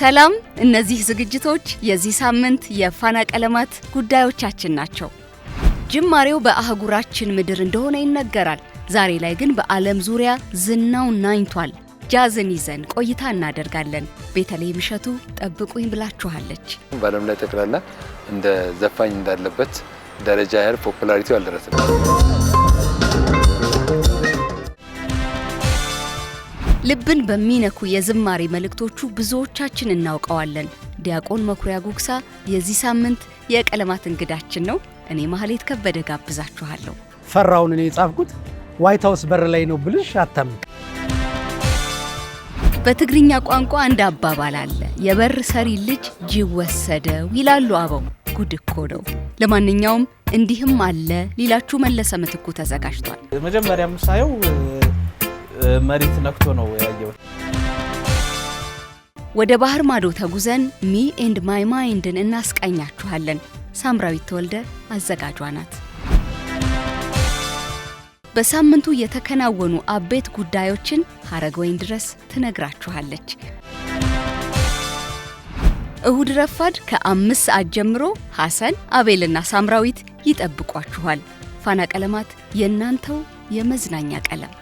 ሰላም። እነዚህ ዝግጅቶች የዚህ ሳምንት የፋና ቀለማት ጉዳዮቻችን ናቸው። ጅማሬው በአህጉራችን ምድር እንደሆነ ይነገራል። ዛሬ ላይ ግን በዓለም ዙሪያ ዝናው ናኝቷል። ጃዝን ይዘን ቆይታ እናደርጋለን። ቤተልሔም እሸቱ ጠብቁኝ ብላችኋለች። በዓለም ላይ ጠቅላላ እንደ ዘፋኝ እንዳለበት ደረጃ ያህል ፖፑላሪቲው አልደረስም። ልብን በሚነኩ የዝማሬ መልእክቶቹ ብዙዎቻችን እናውቀዋለን። ዲያቆን መኩሪያ ጉግሳ የዚህ ሳምንት የቀለማት እንግዳችን ነው። እኔ ማህሌት ከበደ ጋብዛችኋለሁ። ፈራውን እኔ የጻፍኩት ዋይት ሀውስ በር ላይ ነው ብልሽ አታምቅ። በትግርኛ ቋንቋ አንድ አባባል አለ፣ የበር ሰሪ ልጅ ጅብ ወሰደው ይላሉ አበው። ጉድ እኮ ነው። ለማንኛውም እንዲህም አለ ሌላችሁ መለሰ ምትኩ ተዘጋጅቷል። መጀመሪያ ምሳየው መሬት ነክቶ ነው ያየሁት። ወደ ባህር ማዶ ተጉዘን ሚ ኤንድ ማይ ማይንድን እናስቃኛችኋለን። ሳምራዊት ተወልደ አዘጋጇ ናት። በሳምንቱ የተከናወኑ አበይት ጉዳዮችን ሀረግ ወይን ድረስ ትነግራችኋለች። እሁድ ረፋድ ከአምስት ሰዓት ጀምሮ ሐሰን አቤልና ሳምራዊት ይጠብቋችኋል። ፋና ቀለማት የእናንተው የመዝናኛ ቀለም